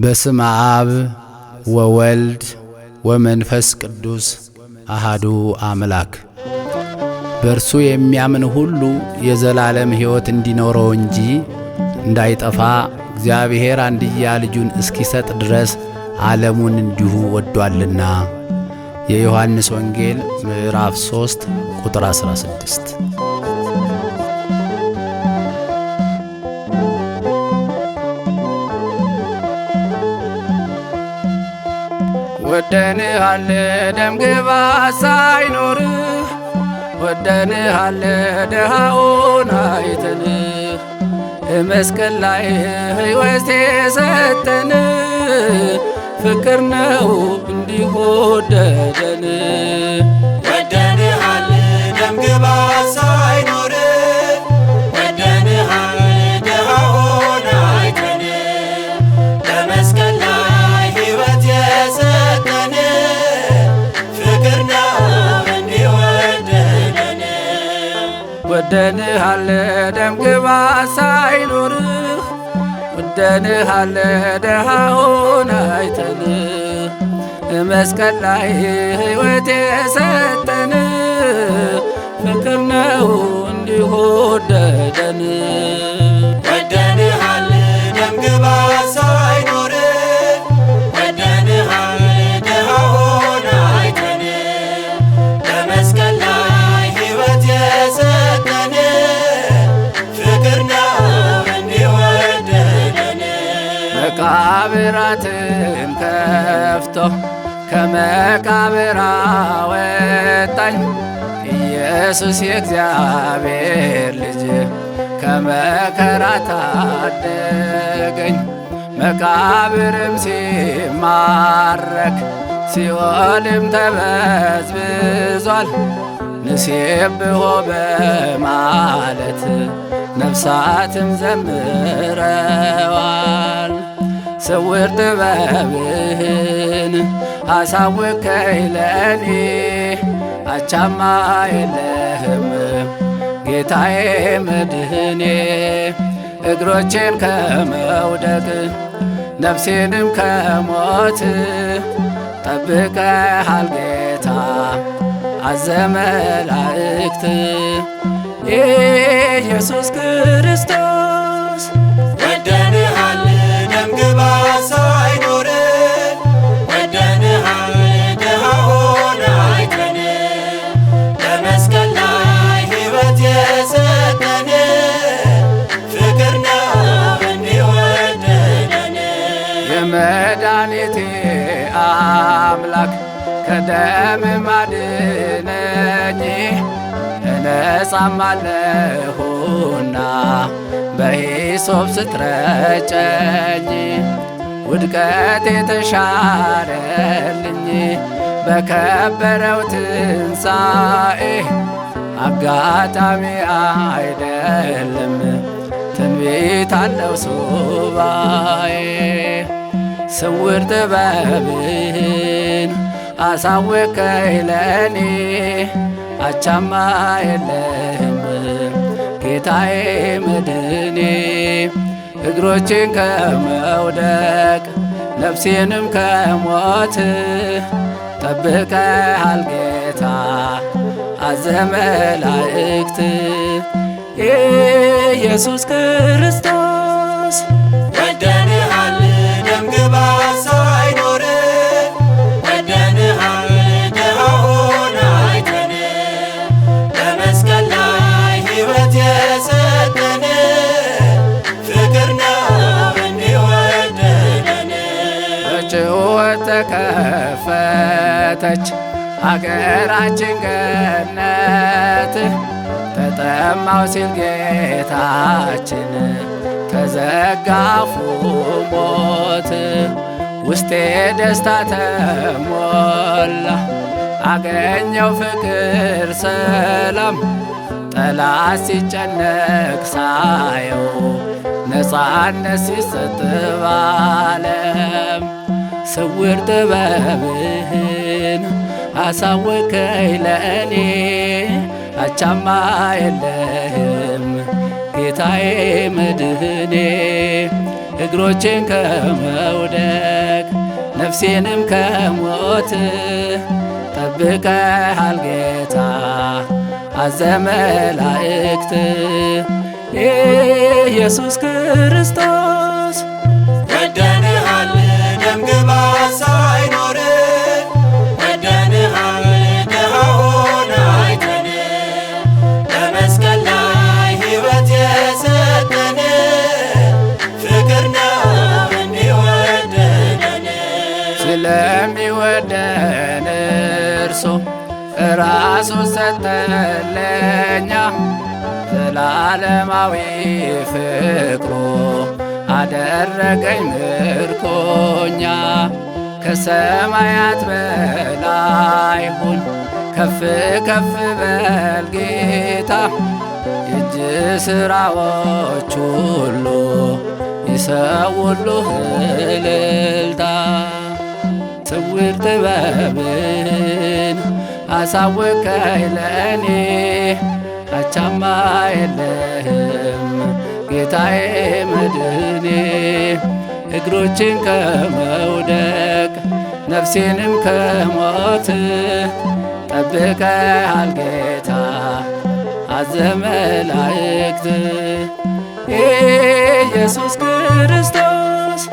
በስመ አብ ወወልድ ወመንፈስ ቅዱስ አሃዱ አምላክ። በእርሱ የሚያምን ሁሉ የዘላለም ሕይወት እንዲኖረው እንጂ እንዳይጠፋ እግዚአብሔር አንድያ ልጁን እስኪሰጥ ድረስ ዓለሙን እንዲሁ ወዷልና። የዮሐንስ ወንጌል ምዕራፍ 3 ቁጥር 16። ወደንሃለ ሳይኖር ወደን አለ ደሃውን አይተን እመስቀል ላይ ሕይወት የሰጠንህ ፍቅር ነው እንዲወደደን ወደደን ወደንሃል ደምግባት ሳይኖር ወደንሃል ድሃ ሆነን አይተን በመስቀል ላይ ሕይወት የሰጠን ፍቅር ነው እንዲሁ ወደንሃል ደምግባት ሳይኖር ወደንሃለ ደሃውን አይተን መስቀል ላይ ሕይወት የሰጠን ፍቅር ነው እንዲሁ ወደደን ወደንሃለ ደምግባሳ መቃብራትን ከፍቶ ከመቃብራ ወጣኝ ኢየሱስ የእግዚአብሔር ልጅ ከመከራ ታደገኝ። መቃብርም ሲማረክ ሲኦልም ተበዝብዟል። ንሴብሆ በማለት ነፍሳትም ዘምረ ስውር ጥበብህን አሳወከኝ ለእኔ አቻማ የለህም ጌታዬ መድህኔ እግሮቼን ከመውደቅ ነፍሴንም ከሞት ጠብቀሃል ጌታ አዘመላእክት ኢየሱስ ክርስቶስ መድኃኒቴ አምላክ ከደም ማድነኝ እነጻማለሁና በሂሶብ ስትረጨኝ ውድቀት የተሻረልኝ በከበረው ትንሣኤ አጋጣሚ አይደለም ትንቢት አለው ሱባኤ ስውር ጥበብን አሳወቀኝ ለኔ አቻማ የለም ጌታዬ መድኔ እግሮቼን ከመውደቅ ነፍሴንም ከሞት ጠብቀሃል ጌታ አዘመላእክት ኢየሱስ ክርስቶስ ተመሰረተች ሀገራችን ገነት ተጠማው ሲል ጌታችን ተዘጋፉ ሞት ውስጤ ደስታ ተሞላ አገኘው ፍቅር ሰላም ጠላት ሲጨነቅ ሳየው ነፃነት ሲሰጥ ባለም ስውር ጥበብህ ቃልህን አሳወከኝ ለእኔ አቻማ የለህም ጌታዬ መድህኔ እግሮቼን ከመውደቅ ነፍሴንም ከሞት ጠብቀሃል ጌታ አዘ መላእክት ኢየሱስ ክርስቶስ ለሚወደን እርሱ ራሱ ሰጠለኛ ዘላለማዊ ፍቅሩ አደረገኝ ምርኮኛ ከሰማያት በላይ ሁን ከፍ ከፍ በል ጌታ የእጅ ስራዎች ሁሉ ይሰውሉ እልልታ ስውር ጥበብን አሳወቀኝ ለእኔ አቻማ የለህም ጌታዬ መድኔ እግሮችን ከመውደቅ ነፍሴንም ከሞት ጠብቀሃል ጌታ አዘመ ኢየሱስ ክርስቶስ